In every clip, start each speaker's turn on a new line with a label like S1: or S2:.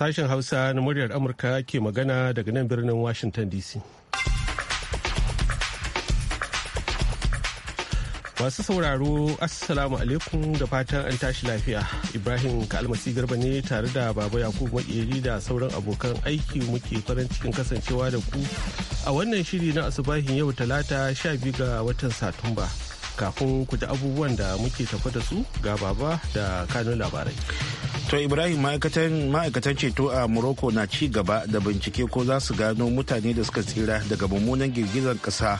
S1: Sashen Hausa na muryar Amurka ke magana daga nan birnin Washington DC. Masu sauraro, Assalamu alaikum da fatan an tashi lafiya. Ibrahim Kalmasi Garba ne tare da Baba Yakubu Makeri da sauran abokan aiki muke farin cikin kasancewa da ku a wannan shiri na asubahin yau talata 12 ga watan Satumba. kafin ku ji abubuwan da muke tafa da su ga baba da kanun labarai.
S2: To Ibrahim ma'aikatan ceto a Morocco na ci gaba da bincike ko za su gano mutane da suka tsira daga mummunan girgizar ƙasa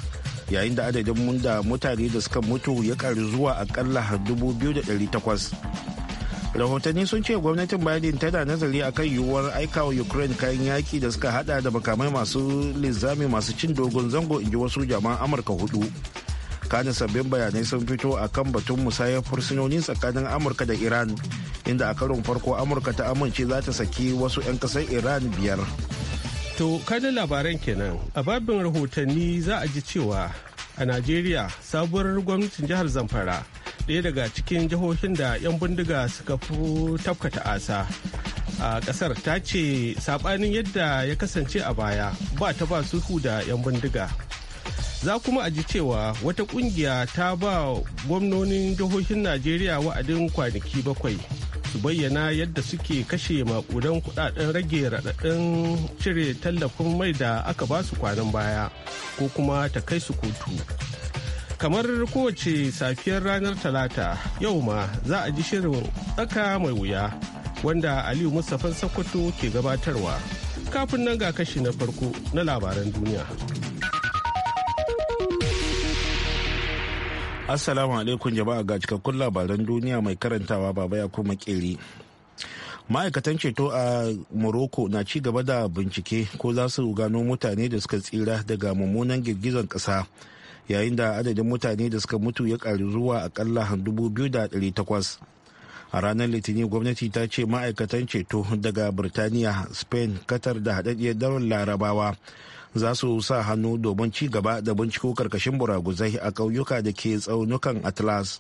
S2: yayin da adadin munda mutane da suka mutu ya karu zuwa akalla 2,800. rahotanni sun ce gwamnatin biden tana nazari akan yiwuwar aika wa ukraine kayan yaki da suka hada da makamai masu linzami masu cin dogon zango inji wasu jama'an amurka hudu tsakanin sabbin bayanai sun fito a kan batun musayar fursunoni tsakanin amurka da iran inda a karon farko amurka ta amince za ta saki wasu 'yan kasar iran biyar
S1: to kanin labaran kenan a babin rahotanni za a ji cewa a najeriya sabuwar gwamnatin jihar zamfara ɗaya daga cikin jihohin da 'yan bindiga suka fi tafkata asa a kasar ta ce sabanin yadda ya kasance a baya ba ta ba suhu da 'yan bindiga za kuma a ji cewa wata kungiya ta ba gwamnonin jihohin najeriya wa'adin kwanaki bakwai su bayyana yadda suke kashe makudan kudaden rage raɗaɗin cire tallafin mai da aka ba su kwanan baya ko kuma ta kai su kotu kamar kowace safiyar ranar talata yau ma za a ji shirin tsaka mai wuya wanda aliyu mustapha sokoto ke gabatarwa kafin nan ga kashi na farko na labaran duniya
S2: Assalamu alaikum jama'a ga cikakkun labaran duniya mai karantawa baba ya kuma kiri. Ma'aikatan ceto a Morocco na ci gaba da bincike ko za su gano mutane da suka tsira daga mummunan girgizar ƙasa yayin da adadin mutane da suka mutu ya ƙaru zuwa akalla takwas A ranar Litinin gwamnati ta ce ma'aikatan ceto daga Birtaniya, Spain, Qatar da haɗaɗɗiyar daren Larabawa za su sa hannu domin ci gaba da binciko karkashin buraguzai a ƙauyuka da ke tsaunukan atlas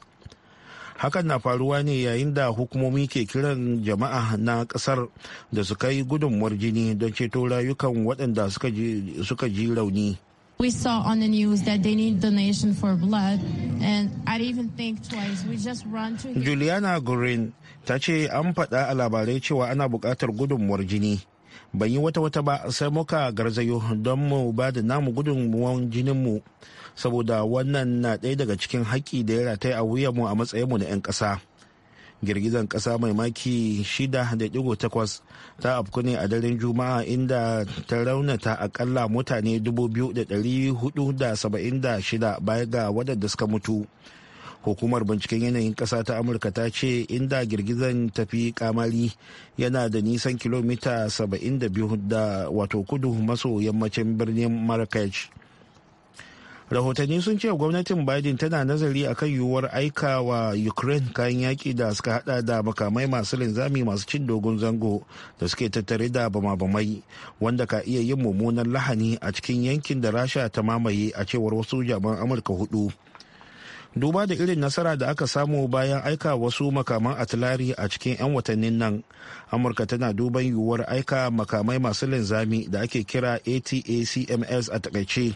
S2: hakan na faruwa ne yayin da hukumomi ke kiran jama'a na kasar da su kai gudunmuwar jini don ceto rayukan waɗanda suka ji rauni
S3: We saw on the news for blood and I
S2: Juliana Gurin ta ce an faɗa a labarai cewa ana buƙatar gudunmuwar jini. ban yi wata wata ba sai muka garzayo don mu ba da namu gudunmuwan jininmu saboda wannan na ɗaya daga cikin haƙƙi da ya rataye a wuyanmu a matsayinmu na 'yan ƙasa girgizan ƙasa mai maki 6.8 ta afku ne a daren juma'a inda ta raunata akalla mutane 2,476 baya ga wadanda suka mutu hukumar binciken yanayin kasa ta amurka ta ce inda girgizan tafi kamari yana da nisan kilomita 72 da wato kudu maso yammacin birnin marrakech rahotanni sun ce gwamnatin biden tana nazari a kan yiwuwar aika wa ukraine kayan yaki da suka hada da makamai masu linzami masu cin dogon zango da suke tattare da bama-bamai wanda ka iya yin mummunan lahani a cikin yankin da rasha ta mamaye a cewar wasu jaman amurka hudu duba da irin nasara da aka samu bayan aika wasu makaman atilari a cikin 'yan watannin nan amurka tana duban yiwuwar aika makamai masu linzami da ake kira atacms a takaice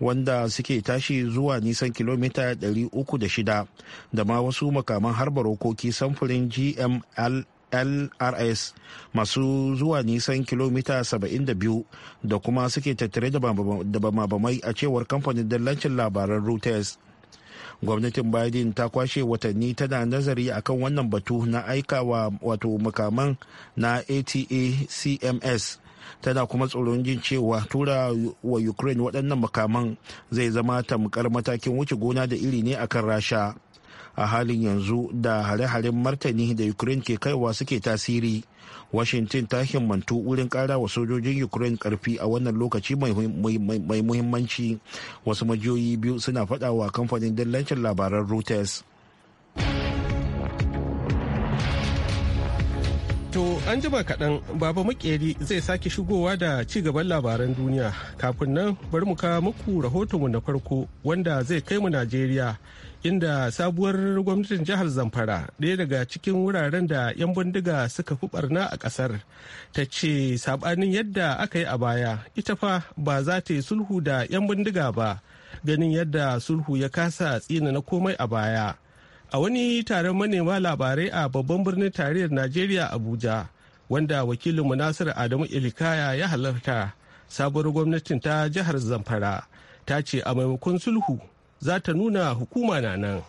S2: wanda suke tashi zuwa nisan kilomita 306 da ma wasu makaman harba rokoki samfurin gml lrs masu zuwa nisan kilomita 72 da kuma suke tattare da bamabamai a cewar kamfanin dallancin labaran reuters gwamnatin biden ta kwashe watanni tana nazari akan wannan batu na aikawa wato makaman na ata cms tana kuma tsoron jin cewa tura wa ukraine waɗannan makaman zai zama tamkar matakin wuce gona da iri ne akan rasha a halin yanzu da hare-haren martani da ukraine ke kaiwa suke tasiri washington ta himmantu wurin kara wa sojojin ukraine karfi a wannan lokaci mai muhimmanci wasu majiyoyi biyu suna fada wa kamfanin dillancin labaran reuters
S1: to an jima kaɗan baba makeri zai sake shigowa da ci gaban labaran duniya kafin nan bari mu kawo muku rahotonmu na farko wanda zai kai mu najeriya inda sabuwar gwamnatin jihar zamfara ɗaya daga cikin wuraren da 'yan bindiga suka fi barna a ƙasar ta ce saɓanin yadda aka yi a baya ita fa ba za ta yi sulhu da 'yan bindiga ba ganin yadda sulhu ya kasa tsina na komai a baya a wani taron manema labarai a babban birnin tarayyar najeriya abuja wanda wakilin munasir adamu ilikaya ya halarta sabuwar gwamnatin ta jihar zamfara ta ce a maimakon sulhu za ta nuna hukuma na nan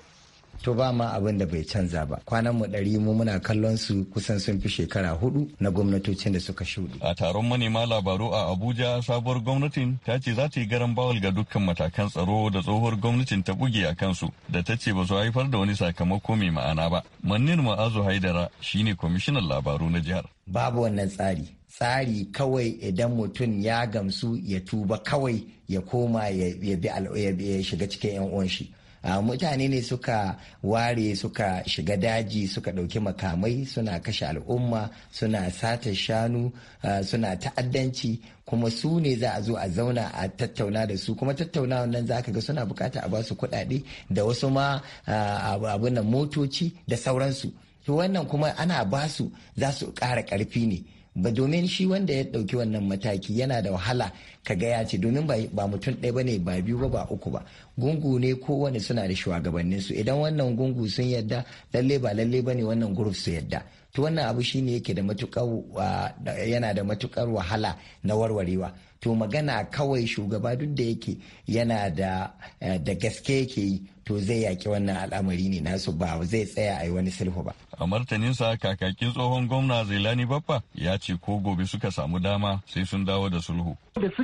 S1: to ba ma abin da bai
S4: canza ba kwanan mu ɗari mu muna kallon su kusan sun fi shekara hudu na gwamnatocin da suka
S5: shuɗe. a taron manema labaru a abuja sabuwar gwamnatin ta ce za ta yi garan bawal ga dukkan matakan tsaro da tsohuwar gwamnatin ta buge a kansu da ta ce ba su haifar da wani sakamako mai ma'ana ba mannin ma'azu haidara shine kwamishinan labaru na jihar
S4: babu wannan tsari tsari kawai idan mutum ya gamsu ya tuba kawai ya koma ya bi ya shiga cikin 'yan uwan shi ah, mutane ne suka ware suka shiga daji suka ɗauki makamai suna kashe al'umma suna sata shanu ah, suna ta'addanci kuma su ne za a zo a zauna a tattauna da su kuma tattaunawa nan za ka ga suna bukata a ba su kuɗaɗe da wasu ma ah, abin motoci da sauransu to wannan kuma ana ba su za su ƙara ƙarfi ne ba domin shi wanda ya ɗauki wannan mataki yana da wahala ka gaya ce domin ba mutum ɗaya ba ne ba biyu ba ba uku ba gungu ne kowane suna da shugabannin su idan wannan gungu sun yadda lalle ba lalle ba ne wannan group su yadda to wannan abu shine yake yana da matukar wahala na warwarewa to magana kawai shugaba duk da yake yana da eh, da gaske yake yi to zai yaki wannan al'amari ne nasu ba zai
S6: tsaya a yi wani sulhu ba.
S5: a martaninsa kakakin tsohon gwamna zailani baffa ya ce ko gobe suka samu dama sai sun dawo da sulhu.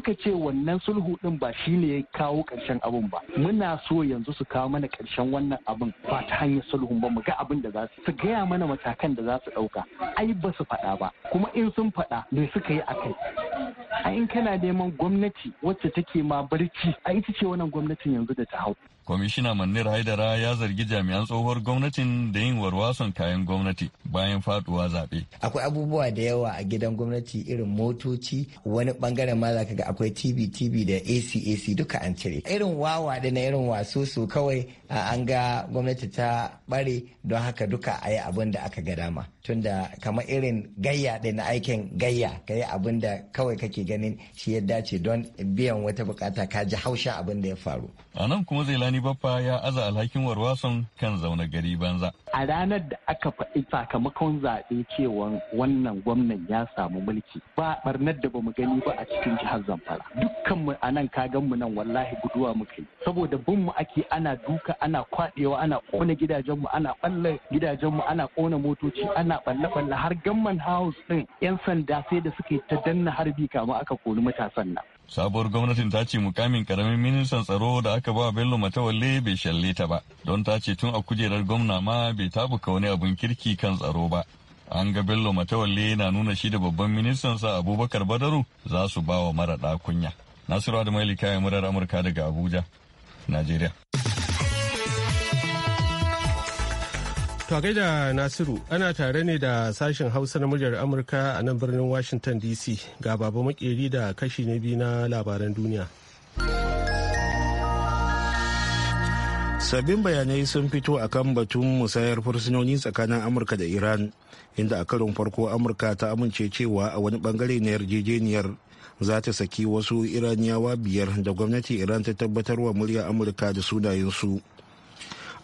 S6: suka ce wannan sulhu din ba shi ne ya kawo karshen abin ba muna so yanzu su kawo mana karshen wannan abin ba ta hanyar sulhun ba mu ga abin da za su su gaya mana matakan da za su ɗauka ai ba su faɗa ba kuma in sun faɗa me suka yi akai a in kana neman gwamnati wacce take ma barci a ita ce wannan gwamnatin yanzu da ta hau
S5: kwamishina manira haidara ya zargi jami'an tsohuwar gwamnatin da yin warwason kayan gwamnati bayan faduwa zaɓe.
S4: akwai abubuwa da yawa a gidan gwamnati irin motoci wani bangaren ma ka ga akwai tv tv da ac ac duka an cire irin wawa da na irin wasu su kawai an ga gwamnati ta bare don haka duka a yi abin da aka ga dama tunda kamar irin gayya ɗin na aikin gayya ka yi abin da kawai kake ganin shi ya dace don biyan wata bukata ka ji hausha abin
S5: da ya faru. A nan kuma Zailani Baffa ya aza alhakin warwason kan zaune gari banza.
S6: A ranar da aka faɗi sakamakon zaɓe cewa wannan gwamnan ya samu mulki ba ɓarnar da bamu gani ba a cikin jihar Zamfara. Dukkan mu a nan kagan mu nan wallahi guduwa mu Saboda bin mu ake ana duka ana kwaɗewa ana ƙona gidajenmu ana ɓalla gidajenmu ana ƙona motoci ana ana balle-balle har gamman house din 'yan sanda sai da suke ta danna harbi kama aka kori matasan nan.
S5: Sabuwar gwamnatin ta ce mukamin karamin ministan tsaro da aka ba Bello Matawalle bai shalle ta ba, don ta ce tun a kujerar gwamna ma bai tabuka wani abun kirki kan tsaro ba. An ga Bello Matawalle na nuna shi da babban ministan sa Abubakar Badaru za su ba wa mara kunya. Nasiru Adamu Elika ya murar Amurka daga Abuja, Najeriya.
S1: To gaida Nasiru ana tare ne da sashen Hausa na muryar Amurka a nan birnin Washington DC ga baba makeri da kashi na biyu na labaran duniya. Sabbin bayanai sun fito a kan batun musayar
S2: fursunoni tsakanin Amurka da Iran inda a karon farko Amurka ta amince cewa a wani bangare na yarjejeniyar za ta saki wasu Iraniyawa biyar da gwamnati Iran ta tabbatar wa murya Amurka da sunayensu. su.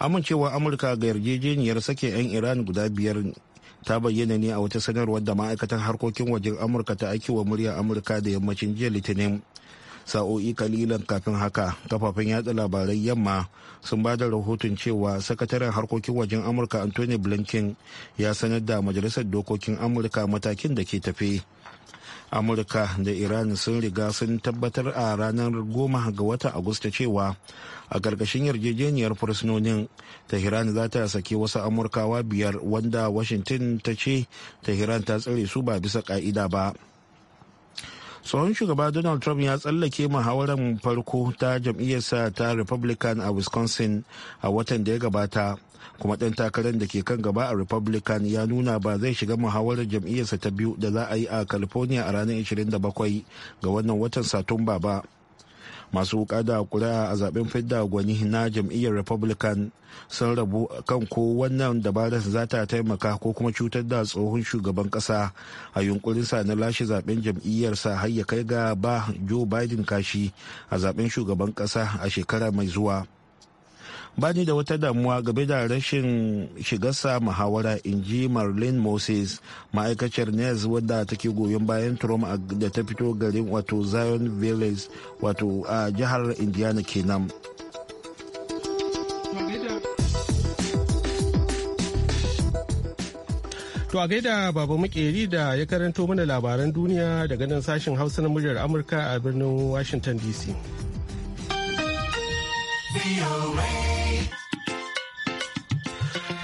S2: amincewar amurka ga yarjejeniyar sake 'yan iran guda biyar ta bayyana ne a wata sanarwar da ma'aikatan harkokin wajen amurka ta aiki wa muryar amurka da yammacin jiya litinin sa'o'i kalilan kafin haka kafafen yatsa labarai yamma sun ba da rahoton cewa sakataren harkokin wajen amurka anthony blinken ya sanar da majalisar dokokin amurka matakin da ke tafe amurka da iran sun riga sun tabbatar a ranar goma ga wata agusta cewa a ƙarƙashin yarjejeniyar fursunonin tehran za ta saki wasu amurkawa biyar wanda washington ta ce tehran ta tsare su ba bisa ka'ida ba tsohon shugaba donald trump ya tsallake muhawarar farko ta jam'iyyarsa ta republican a wisconsin a watan da ya gabata kuma ɗan takarar da ke kan gaba a republican ya nuna ba zai shiga muhawarar jam'iyyarsa ta biyu da za a yi a california a ranar 27 ga wannan watan satumba ba masu wuka da kuri'a a zaben fidda gwani na jam'iyyar republican sun rabu kan ko wannan dabarar za ta taimaka ko kuma cutar da tsohon shugaban kasa a yunkurinsa na lashe zaben jam'iyyar sa har ya kai ga ba joe biden kashi a zaben shugaban kasa a shekara mai zuwa. bani da wata damuwa game da rashin shigarsa muhawara in ji marlin moses ma'aikaciyar nez wadda take goyon bayan trump da ta fito garin wato zion village wato a jihar indiana
S1: kenan To a gaida Baba Makeri da ya karanto mana labaran duniya daga nan sashen Hausa na muryar Amurka a birnin Washington DC.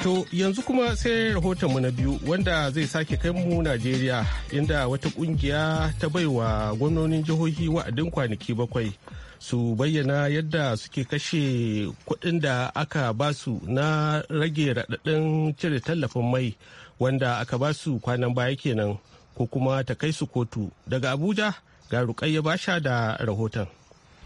S1: To yanzu kuma sai rahotonmu na biyu wanda zai sake kai mu Najeriya inda wata kungiya ta baiwa gwamnonin jihohi wa'adin kwanaki bakwai su bayyana yadda suke kashe kuɗin da aka basu na rage raɗaɗin cire tallafin mai wanda aka basu kwanan baya kenan ko kuma ta kai su kotu daga Abuja ga Rukayya Basha da rahoton.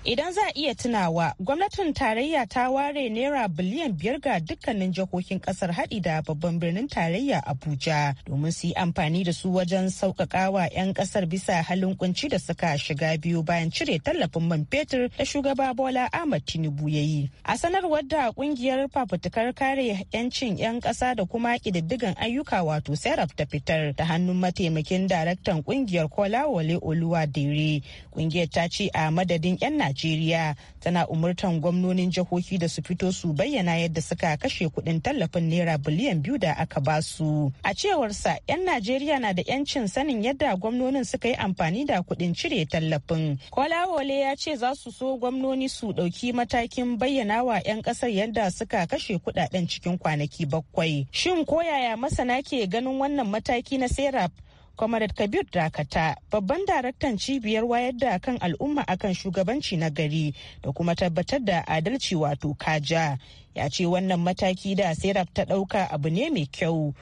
S3: Idan za a iya tunawa, gwamnatin tarayya ta ware naira biliyan biyar ga dukkanin jihohin kasar haɗi da babban birnin tarayya Abuja domin su yi amfani da su wajen sauƙaƙawa 'yan kasar bisa halin kunci da suka shiga biyu bayan cire tallafin man fetur da shugaba Bola Ahmad Tinubu ya yi. A sanarwar da ƙungiyar fafutukar kare 'yancin 'yan ƙasa da kuma ƙididdigan ayyuka wato Serap ta fitar da hannun mataimakin daraktan ƙungiyar Kola Wale Oluwa Dere. Ƙungiyar ta ce a madadin 'yan Najeriya tana umurtan gwamnonin jihohi da su fito su bayyana yadda suka kashe kuɗin tallafin naira biliyan biyu da aka ba su. A cewarsa 'yan Najeriya na da 'yancin sanin yadda gwamnonin suka yi amfani da kuɗin cire tallafin. Kolawole ya ce za su so gwamnoni su ɗauki matakin bayyana wa 'yan ƙasar yadda suka kashe kuɗaɗen cikin kwanaki bakwai. Shin ko yaya masana ke ganin wannan mataki na Serap Comrade Kabir Dakata, babban daraktan cibiyar wayar da kan al'umma akan shugabanci na gari da kuma tabbatar da adalci wato kaja. Ya ce wannan mataki da serap ta dauka abu ne mai kyau.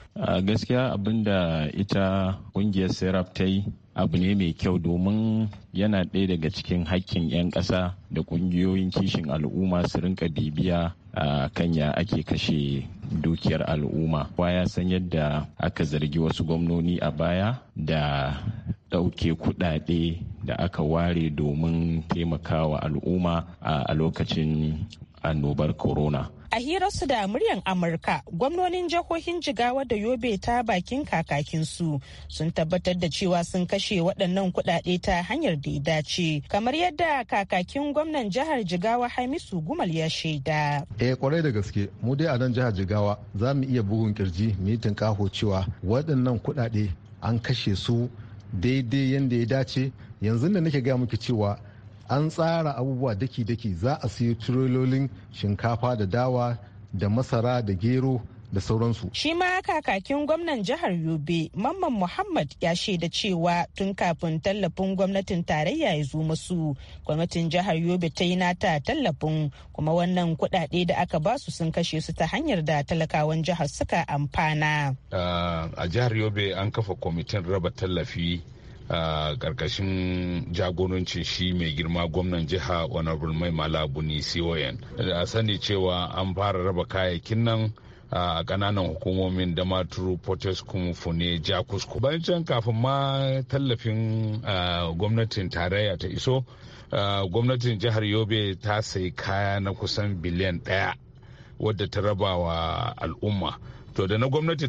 S1: gaskiya abin ita kungiyar serap ta yi abu ne mai kyau domin yana ɗaya daga cikin haƙƙin 'yan ƙasa da ƙungiyoyin kishin al'umma su rinka bibiya a kan ya ake kashe dukiyar al'umma ya san yadda aka zargi wasu gwamnoni a baya da ɗauke kuɗaɗe da aka ware domin taimakawa al'umma a
S7: lokacin annobar corona
S3: A hirarsu da muryar Amurka, gwamnonin jihohin Jigawa da Yobe ta bakin kakakinsu sun tabbatar da cewa sun kashe waɗannan kuɗaɗe ta hanyar da ya dace. Kamar yadda kakakin gwamnan jihar Jigawa Hamisu Gumal ya shaida.
S1: Eh kwarai da gaske, mu dai a nan jihar Jigawa za mu iya bugun kirji mu yi cewa waɗannan kuɗaɗe an kashe su daidai yadda ya dace. Yanzu da nake gaya miki cewa an tsara abubuwa daki-daki za a siyo tirololin shinkafa da dawa da masara da gero da sauransu.
S3: Shi ma kakakin gwamnan jihar Yobe, Mamman Muhammad ya shaida cewa tun kafin tallafin gwamnatin tarayya ya zo masu, gwamnatin jihar Yobe ta yi nata tallafin kuma wannan kudade da aka basu sun kashe su ta hanyar da talakawan jihar suka amfana.
S7: a jihar Yobe an kafa kwamitin raba tallafi karkashin jagorancin shi mai girma gwamnan jiha honorable mai malabuni coyen a sani cewa an fara raba kayayyakin nan a kananan hukumomin da maturu potescum fune jakusko bayan can kafin ma tallafin gwamnatin tarayya ta iso gwamnatin jihar yobe ta sai kaya na kusan biliyan daya wadda ta raba wa al'umma to da na gwamnati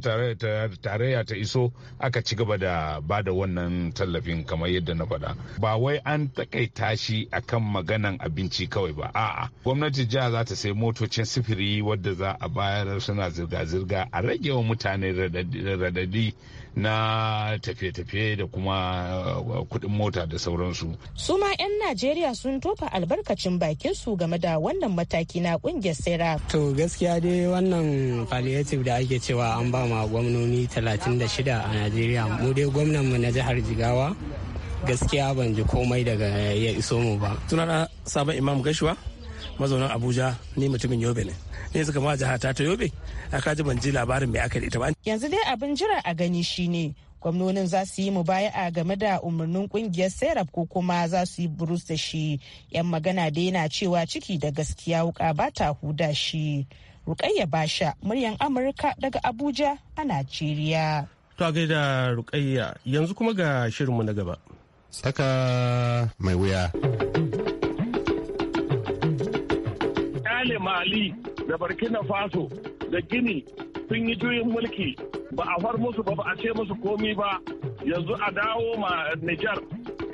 S7: tarayya ta iso aka ci gaba da ba da wannan tallafin kamar yadda na faɗa ba wai an takaita shi akan maganan abinci kawai ba a'a gwamnati jiha za ta sai motocin sifiri wadda za a bayar suna zirga-zirga a rage wa mutane radadi na tafiye-tafiye da kuma uh, kuɗin mota da sauransu.
S3: suma 'yan najeriya sun tofa albarkacin bakin su game da wannan mataki na ƙungiyar sera. to gaskiya dai wannan
S4: palliative da ake cewa an ba ma gwamnoni 36 a najeriya mu dai gwamnan mu na jihar jigawa
S1: gaskiya ban ji komai daga ya iso mu ba. Tunana sabon imam gashuwa? mazaunin abuja ni mutumin yobe ne ne suka ma jiha ta yobe a kaji ban ji labarin mai
S2: aka da ita ba
S3: yanzu dai abin jira a gani shine gwamnonin za su yi mubaya'a game da umarnin kungiyar serap ko kuma za su yi burus da shi yan magana da yana cewa ciki da gaskiya wuka ba ta huda shi rukayya basha muryan amurka daga abuja a najeriya
S1: to a gaida rukayya yanzu kuma ga shirinmu na gaba
S8: tsaka mai wuya
S9: gane mali da burkina faso da gini sun yi juyin mulki ba a far musu ba ba a ce musu komi ba yanzu a dawo ma nijar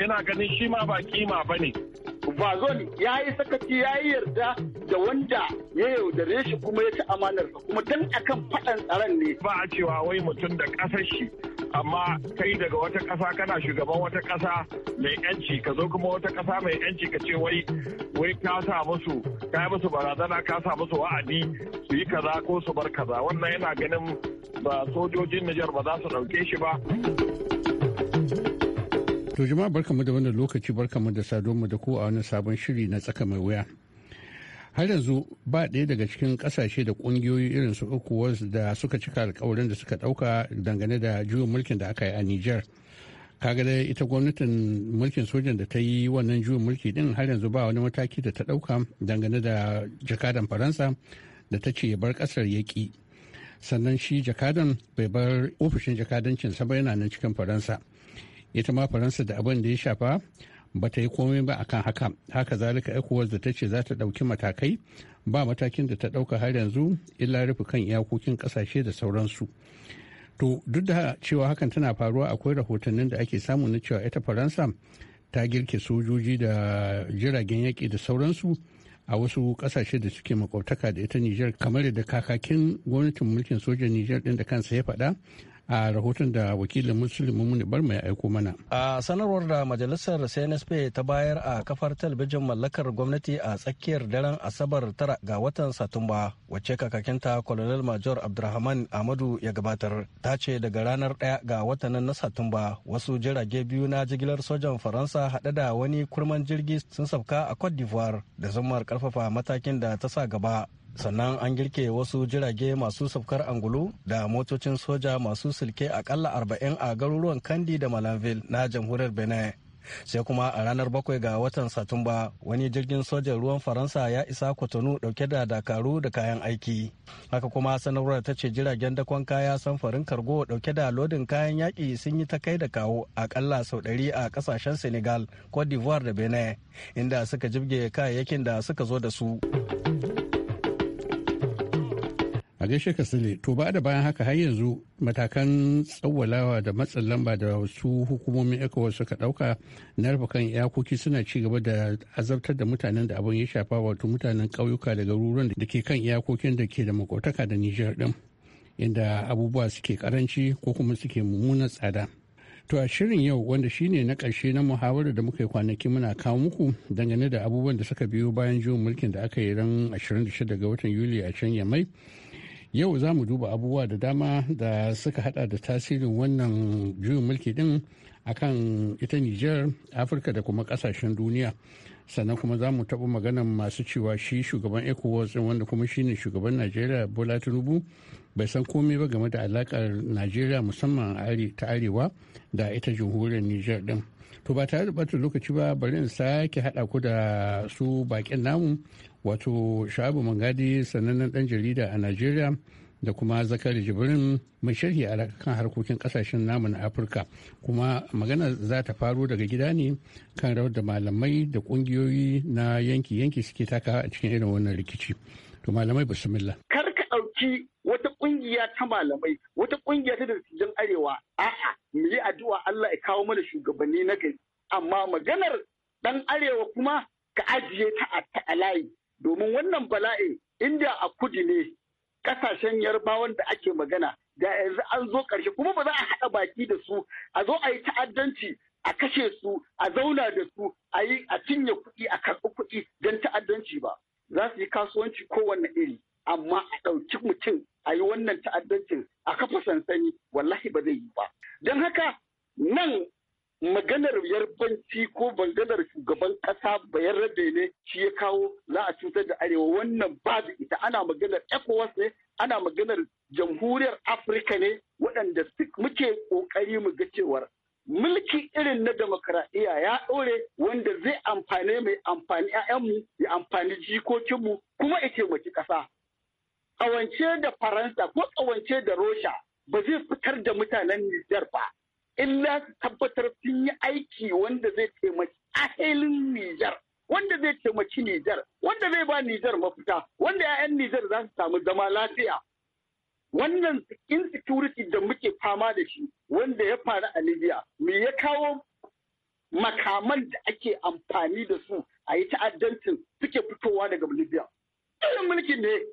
S9: ina ganin shi ma ba kima ba ne bazon ya yi sakaci ya yi
S6: yarda da wanda ya yaudare shi kuma ya ci amanar kuma dan akan faɗan tsaron ne.
S9: Ba a cewa wai mutum da ƙasar shi amma kai daga wata kasa kana shugaban wata kasa mai yanci ka zo kuma wata ƙasa mai yanci ka ce wai wai ka sa musu ka yi musu barazana ka sa musu wa'adi su yi kaza ko su bar kaza wannan yana ganin ba sojojin Nijar ba za su ɗauke shi ba.
S8: To jama'a barkamu da wannan lokaci mu da mu da ku a wani sabon shiri na tsaka mai wuya. Har yanzu ba ɗaya daga cikin ƙasashe da ƙungiyoyi irin su uku da suka cika alkawarin da suka ɗauka dangane da juyin mulkin da aka yi a Nijar. kaga dai ita gwamnatin mulkin sojan da ta yi wannan juyin mulki din har yanzu ba wani mataki da ta ɗauka dangane da jakadan faransa da ta ce ya bar ƙasar yaƙi sannan shi jakadan bai bar ofishin jakadancin sa yana nan cikin faransa ita ma faransa da abin da ya shafa ba ta yi komai ba akan haka haka zalika ecowas da ta ce za ta ɗauki matakai ba matakin da ta ɗauka har yanzu illa rufe kan iyakokin ƙasashe da sauransu to duk da cewa hakan tana faruwa akwai rahotannin da ake samu na cewa ita faransa ta girke sojoji da jiragen yaƙi da sauransu a wasu ƙasashe da suke makwabtaka da ita nijar kamar da kakakin gwamnatin mulkin sojan nijar ɗin da kansa ya faɗa a rahoton da wakilin musulmi muni bar ya aiko mana a sanarwar
S5: da majalisar cnsp ta bayar
S8: a kafar talabijin mallakar gwamnati a tsakiyar daren
S5: asabar tara ga watan satumba wacce kakakinta colonel major abdulrahman amadu ya gabatar ta ce daga ranar ɗaya ga watanin na satumba wasu jirage biyu na jigilar sojan faransa haɗe da wani kurman jirgi sun sauka a cote d'ivoire da zumar karfafa matakin da ta sa gaba sannan an girke wasu jirage masu safkar angulu da motocin soja masu silke akalla arba'in a garuruwan kandi da malanville na jamhuriyar benin sai kuma a ranar bakwai ga watan satumba wani jirgin sojan ruwan faransa ya isa kwatano dauke da dakaru da kayan aiki haka kuma sanarwar ta ce jiragen dakon kaya samfarin kargo dauke da lodin kayan yaƙi sun yi ta kai da kawo akalla sau ɗari a ƙasashen senegal cote d'ivoire da benin inda suka jibge kayayyakin da suka zo da su
S8: gaishe ka sani to ba da bayan haka har yanzu matakan tsawalawa da matsin lamba da wasu hukumomin ecowas suka dauka na rufe kan iyakoki suna ci gaba da azabtar da mutanen da abin ya shafa wato mutanen ƙauyuka da garuruwan da ke kan iyakokin da ke da makotaka da nijar din inda abubuwa suke karanci ko kuma suke mummunan tsada To a shirin yau wanda shine na karshe na muhawarar da muka yi kwanaki muna kawo muku dangane da abubuwan da suka biyo bayan juyin mulkin da aka yi ran 26 ga watan Yuli a can Yamai yau za mu duba abubuwa da dama da suka hada da tasirin wannan juyin mulki din kan ita niger afirka da kuma kasashen duniya sannan kuma za mu taɓa maganan masu cewa shi shugaban ecowas din wanda kuma shi ne shugaban najeriya bola tinubu bai san komai ba game da alakar najeriya musamman ta arewa da ita jamhuriyar niger din to ba tare da ɓata lokaci ba bari in sake haɗa ku da su baƙin namu wato shabu mangadi sanannen dan jarida a najeriya da kuma zakari jibrin mai sharhi a kan harkokin kasashen namu na afirka kuma magana za ta faro daga gida ne kan rawar da malamai da kungiyoyi na yanki-yanki suke taka a cikin irin wannan rikici to malamai bismillah
S6: kar ka ɗauki wata kungiya ta malamai wata kungiya ta dattijan arewa a'a mu yi addu'a Allah ya kawo mana shugabanni na gari amma maganar dan arewa kuma ka ajiye ta a layi domin wannan bala'in inda a kudi ne kasashen yarbawan da ake magana da yanzu an zo ƙarshe kuma ba za a haɗa baki da su a zo a yi ta'addanci a kashe su a zauna da su a yi a cinye kuɗi a karɓi kuɗi don ta'addanci ba za su yi kasuwanci kowanne iri amma a ɗauki mutum a yi wannan ta'addancin a kafa sansani wallahi ba zai yi ba don haka nan maganar yarbanci ko banganar shugaban kasa bayan rabe ne shi ya kawo za a cutar da arewa wannan ba da ita ana maganar ecowas ne ana maganar jamhuriyar afirka ne waɗanda muke ƙoƙari mu ga cewar mulki irin na demokaraɗiyya ya ɗore wanda zai amfani mai amfani 'ya'yanmu ya amfani jikokinmu kuma ya taimaki ƙasa. Ƙawance da Faransa ko ƙawance da Rosha ba zai fitar da mutanen Nijar ba. illa su tabbatar sun yi aiki wanda zai taimaki ahalin Nijar wanda zai taimaki Nijar wanda zai ba Nijar mafita wanda 'ya'yan Nijar za su samu zama lafiya wannan insecurity da muke fama da shi wanda ya faru a Libya me ya kawo makaman da ake amfani da su a yi ta'addancin suke fitowa daga Libya. Irin mulki ne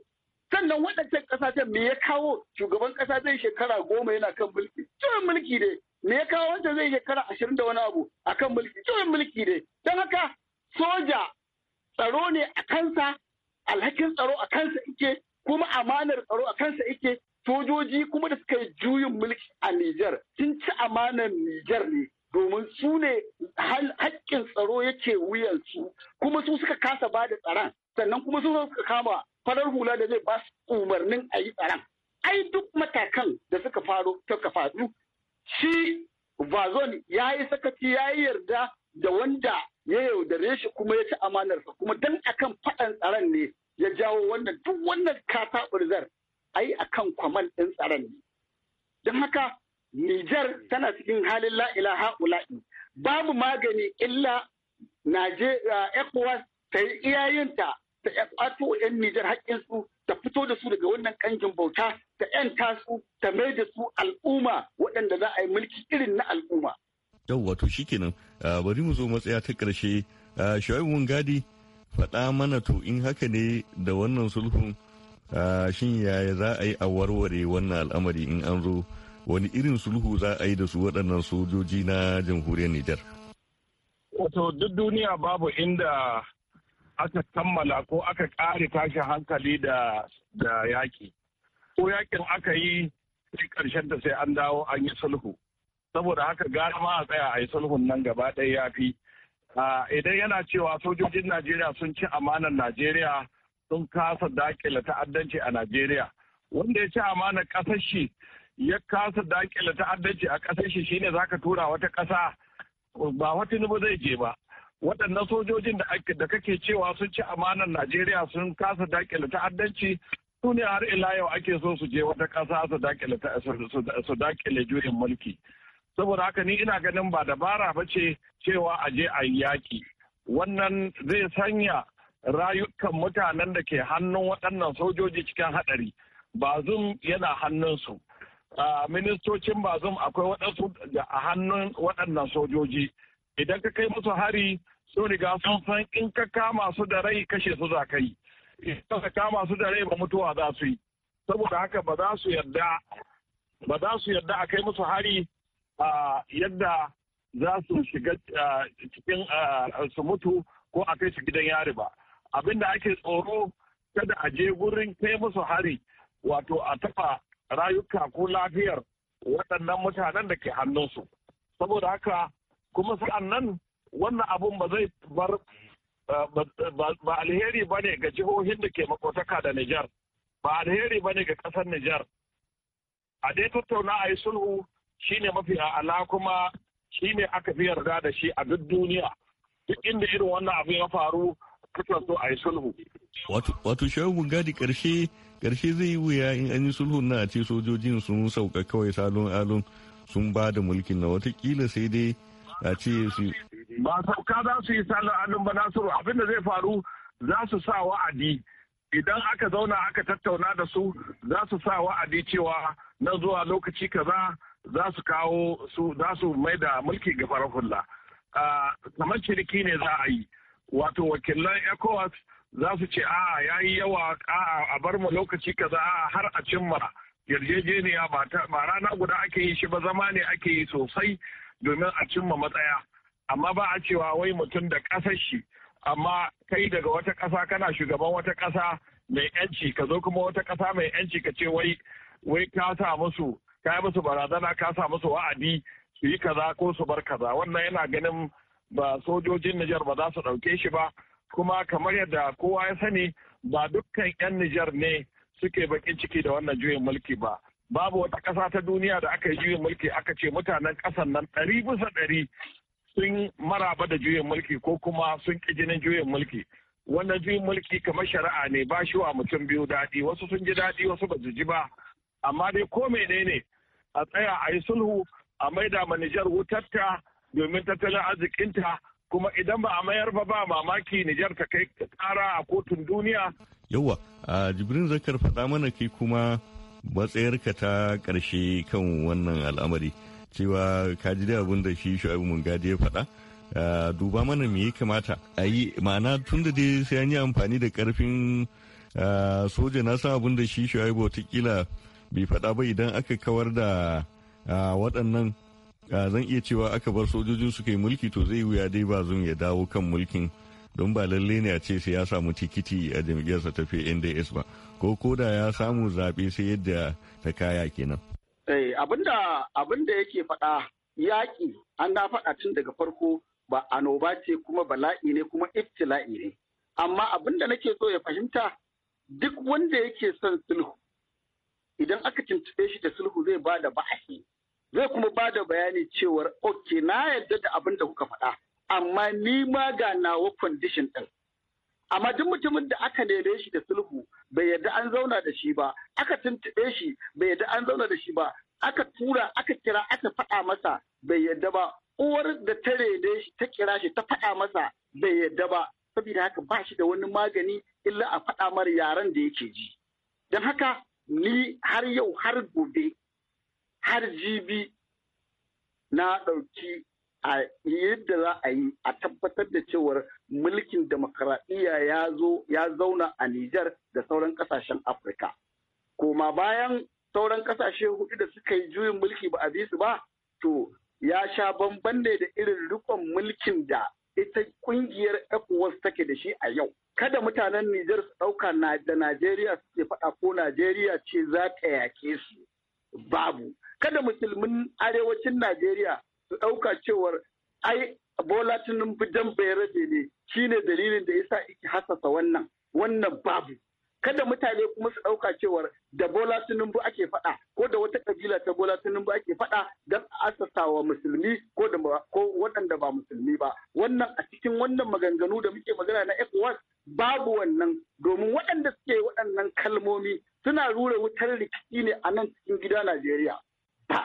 S6: sannan waɗancan ƙasashen me ya kawo shugaban ƙasa zai shekara goma yana kan mulki juyin mulki ne me ya kawo wanda zai shekara ashirin da wani abu a kan mulki juyin mulki ne don haka soja tsaro ne a kansa alhakin tsaro a kansa ike kuma amanar tsaro a kansa ike sojoji kuma da suka yi juyin mulki a Nijar sun ci amanar Nijar ne domin su ne haƙƙin tsaro yake wuyansu kuma su suka kasa ba da tsaron sannan kuma su suka kama farar hula da zai ba su umarnin a yi tsaron ai duk matakan da suka faro suka faru shi vazon ya yi sakaci ya yi yarda da wanda ya yaudare shi kuma ya ci amanarsa kuma dan akan faɗan tsaron ne ya jawo wannan duk wannan kata yi ai akan kwaman ɗin tsaron ne don haka Nijar tana cikin halin la'ila ha'ula'i babu magani illa Najeriya eh, ECOWAS ta yi iyayenta ta ƙwato 'yan Nijar haƙƙinsu ta fito da su daga wannan ƙangin bauta ta 'yan tasu ta mai da su al'umma waɗanda za a yi mulki irin na al'umma.
S5: Yau wato shikenan bari mu zo matsaya ta ƙarshe Shu'aibu Gadi faɗa mana to in haka ne da wannan sulhun shin yaya za a yi a warware wannan al'amari in an zo wani irin sulhu za a yi da su waɗannan sojoji na jamhuriyar Nijar.
S9: Wato duk duniya babu inda aka kammala ko aka ƙare tashin hankali da da yaƙi ko yaƙin aka yi sai ƙarshen da sai an dawo an yi sulhu saboda haka gara ma a tsaya a yi sulhun nan gaba ɗaya ya fi idan yana cewa sojojin najeriya sun ci amanar najeriya sun kasa dakile ta'addanci a najeriya wanda ya ci amanar ƙasar shi ya kasa dakile ta'addanci a ƙasar shi shine zaka tura wata ƙasa ba wata nubu zai je ba waɗannan sojojin da kake cewa sun ci amanar najeriya sun kasa dakile ta'addanci su ne har ila yau ake so su je wata ƙasa su dakile juyin mulki saboda haka ni ina ganin ba dabara ba ce cewa a je a yaƙi wannan zai sanya rayukan mutanen da ke hannun waɗannan sojoji cikin haɗari bazum yana hannunsu ministocin bazum akwai waɗansu a hannun waɗannan sojoji idan ka kai musu hari sun ga sun san in ka kama su da rai kashe su za ka yi idan ka kama su da rai ba mutuwa za su yi saboda haka ba za su yarda ba za su yadda a kai musu hari a yadda za su shiga cikin su mutu ko a kai su gidan yari ba abin da ake tsoro kada a je gurin kai musu hari wato a tafa rayuka ko lafiyar waɗannan mutanen da ke hannunsu saboda haka kuma sa'an nan wannan abun ba zai bar ba alheri ba ne ga jihohin da ke makotaka da Nijar, ba alheri ba ne ga ƙasar Nijar. A dai tattauna a yi sulhu shi ne mafi ala kuma shi ne aka fi yarda da shi a duk duniya. Duk inda irin wannan abu ya faru, kusan so a yi sulhu.
S5: Wato mun gadi karshe ƙarshe zai yi wuya in an yi sulhu na ce sojojin sun sauka kawai salon alon sun ba da mulkin na watakila sai dai a ce su
S9: ba sauka za su yi sallar annun ba nasiru abin da zai faru za su sa wa'adi idan aka zauna aka tattauna da su za su sa wa'adi cewa na zuwa lokaci kaza za su kawo su za su mai da mulki ga farar hula kamar ciniki ne za a yi wato wakilan ecowas za su ce a ya yawa a a bar mu lokaci kaza har a cimma yarjejeniya ba rana guda ake yi shi ba zama ne ake yi sosai domin a cimma matsaya amma ba a cewa wai mutum da ƙasar shi amma kai daga wata ƙasa kana shugaban wata ƙasa mai yanci ka zo kuma wata ƙasa mai yanci ka ce wai wai ka sa musu ka yi musu barazana ka sa musu wa'adi su yi kaza ko su bar kaza wannan yana ganin ba sojojin Nijar ba za su ɗauke shi ba kuma kamar yadda kowa ya sani ba dukkan 'yan Nijar ne suke bakin ciki da wannan juyin mulki ba babu wata ƙasa ta duniya da aka yi juyin mulki aka ce mutanen ƙasan nan ɗari bisa ɗari sun maraba da juyin mulki ko kuma sun ƙi jinin juyin mulki wannan juyin mulki kamar shari'a ne ba shi wa mutum biyu daɗi wasu sun ji daɗi wasu ba su ji ba amma dai ko menene a tsaya a yi sulhu a maida ma Nijar wutarta domin tattalin arzikinta kuma idan ba a mayar ba ba mamaki Nijar ta kai ƙara a kotun duniya
S5: yauwa a Jibrin Zakar faɗa mana kai kuma matsayarka ta karshe kan wannan al'amari. Cewa ka ji da abin da shi mun gadi ya faɗa. Duba mana me ya kamata a yi ma'ana tun da dai sai an yi amfani da ƙarfin soja na san abin da shi shu'abu watakila bai faɗa ba idan aka kawar da waɗannan zan iya cewa aka bar sojojin suka yi mulki to zai wuya dai ba zun ya dawo kan mulkin don ba lalle ne a ce sai ya samu tikiti a jam'iyyarsa ta nds ba ko koda ya samu zaɓe sai yadda ta kaya kenan.
S6: Eh, abinda abinda yake faɗa yaƙi an na faɗa tun daga farko ba ba ce kuma bala'i ne kuma ibtila'i ne amma abinda nake so ya fahimta duk wanda yake son sulhu idan aka tuntube shi da sulhu zai ba da bahasi zai kuma ba da bayani cewar ok na yadda da abin da kuka faɗa amma ni ma ga nawa condition ɗin. Amma duk mutumin da aka neme shi da sulhu bai yadda an zauna da shi ba, aka tuntube shi bai yadda an zauna da shi ba, aka tura aka kira aka faɗa masa bai yadda ba, uwar da ta rede shi ta kira shi ta faɗa masa bai yadda ba, saboda haka ba shi da wani magani illa a faɗa mara yaren da yake ji. Don haka ni har yau har gobe har jibi na ɗauki a yadda za a yi a tabbatar da cewar mulkin demokaradiyya ya zo ya zauna a Nijar da sauran kasashen Afirka. Koma bayan sauran kasashe hudu da suka yi juyin mulki ba a bi su ba, to ya sha bamban ne da irin rikon mulkin da ita kungiyar ECOWAS take da shi a yau. Kada mutanen Nijar su ɗauka da Najeriya suke faɗa ko Najeriya ce za ta yaƙe su. Babu. Kada musulmin arewacin Najeriya su ɗauka cewar ai bola tinubu dan bayarabe ne shine dalilin da yasa iki hasasa wannan wannan babu kada mutane kuma su ɗauka cewar da bola tinubu ake faɗa ko da wata kabila ta bola tinubu ake faɗa don asasa wa musulmi ko da ko waɗanda ba musulmi ba wannan a cikin wannan maganganu da muke magana na ecowas babu wannan domin waɗanda suke waɗannan kalmomi suna rura wutar rikici ne a nan cikin gida najeriya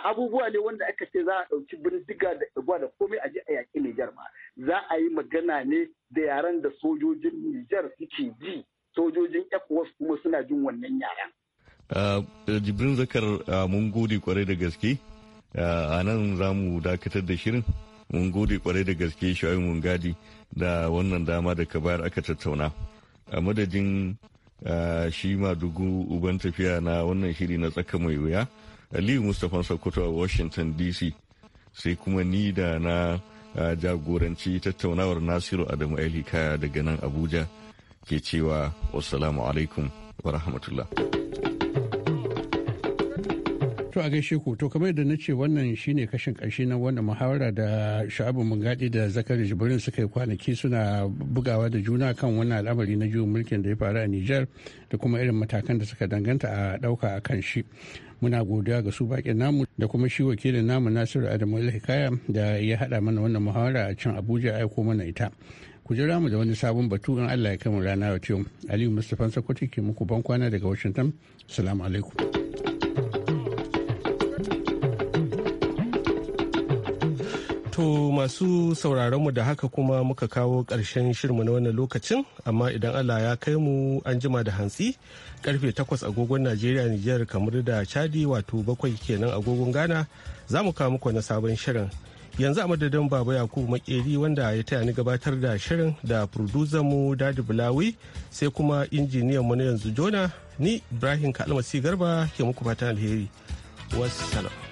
S6: abubuwa ne wanda aka ce za a ɗauki bindiga da igwa da komai a ji a yaƙi Nijar ma za a yi magana ne da yaren da sojojin Nijar suke ji sojojin ECOWAS kuma suna jin wannan yaren.
S5: Uh, uh, Jibrin Zakar uh, mun gode kwarai da gaske a nan za mu dakatar da shirin mun gode kwarai da gaske shayu mun gadi da wannan dama da ka bayar aka tattauna a madadin shi madugu uban tafiya na wannan shiri na tsaka mai wuya. aliyu mustapha sokoto a washington dc sai kuma ni da na jagoranci tattaunawar nasiru adamu kaya daga nan abuja ke cewa wassalamu alaikum wa rahmatullah
S8: To a gaishe ku to kamar yadda na ce wannan shine kashin ƙarshe na wannan muhawara da sha'abu gadi da zakari jibrin suka yi kwanaki suna bugawa da juna kan wannan al'amari na juyin mulkin da ya faru a Nijar da kuma irin matakan da suka danganta a ɗauka a kan shi. Muna godiya ga su bakin namu da kuma shi wakilin namu Nasiru Adamu Hikaya da ya haɗa mana wannan muhawara a can Abuja a aiko mana ita. Ku jira mu da wani sabon batu in Allah ya kai mu rana yau. Aliyu Mustapha Sakwati ke muku ban kwana daga Washington. Salamu alaikum. To masu sauraron mu
S1: da haka kuma muka kawo ƙarshen shirmu na wannan lokacin, amma idan Allah ya kai mu an jima da hantsi karfe 8 agogon Najeriya Nijar kamar da Chadi wato bakwai kenan agogon Ghana za mu kawo muku na sabon shirin. Yanzu a madadin Baba Yakubu Makeri wanda ya taya ni gabatar da shirin da producer mu Dadi Bulawi sai kuma injiniyan mu na yanzu Jona ni Ibrahim Kalmasi Garba ke muku fatan alheri. Wassalam.